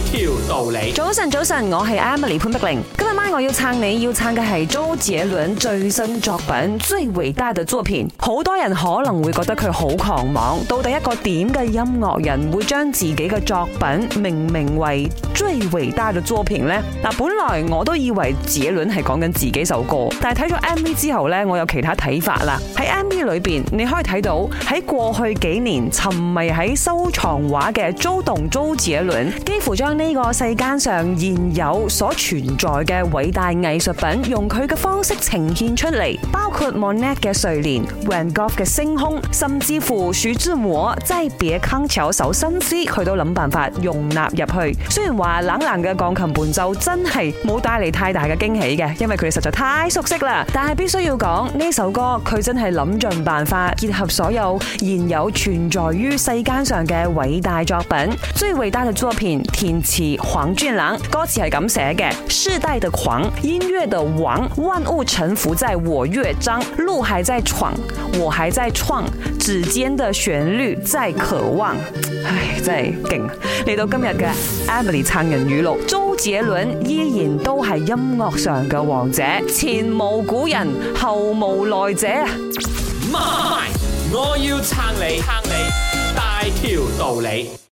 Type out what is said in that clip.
條道理，早晨早晨，我係 Emily 潘碧玲，今日晚我要撐你要撐嘅係周杰倫最新作品最偉大的作品，好多人可能會覺得佢好狂妄，到底一個點嘅音樂人會將自己嘅作品命名為最偉大的作品呢？嗱，本來我都以為杰倫係講緊自己首歌，但係睇咗 MV 之後呢，我有其他睇法啦。喺 MV 裏邊，你可以睇到喺過去幾年沉迷喺收藏畫嘅周董周杰倫，幾乎。將呢個世間上現有所存在嘅偉大藝術品，用佢嘅方式呈現出嚟，包括 Monet 嘅睡蓮、梵高嘅星空，甚至乎《鼠之舞》、《齋別坑巧手新詩》，佢都諗辦法容納入去。雖然話冷冷嘅鋼琴伴奏真係冇帶嚟太大嘅驚喜嘅，因為佢哋實在太熟悉啦。但係必須要講呢首歌，佢真係諗盡辦法結合所有現有存在於世間上嘅偉大作品，最偉大嘅作品七黃俊郎歌詞係咁寫嘅：世代的狂，音樂的王，萬物臣服在我樂章。路還在闖，我還在創，指尖的旋律在渴望，唉，真係勁。嚟到今日嘅 Emily 撐人語錄，周杰倫依然都係音樂上嘅王者，前無古人，後無來者啊！My. 我要撐你，撐你，大條道理。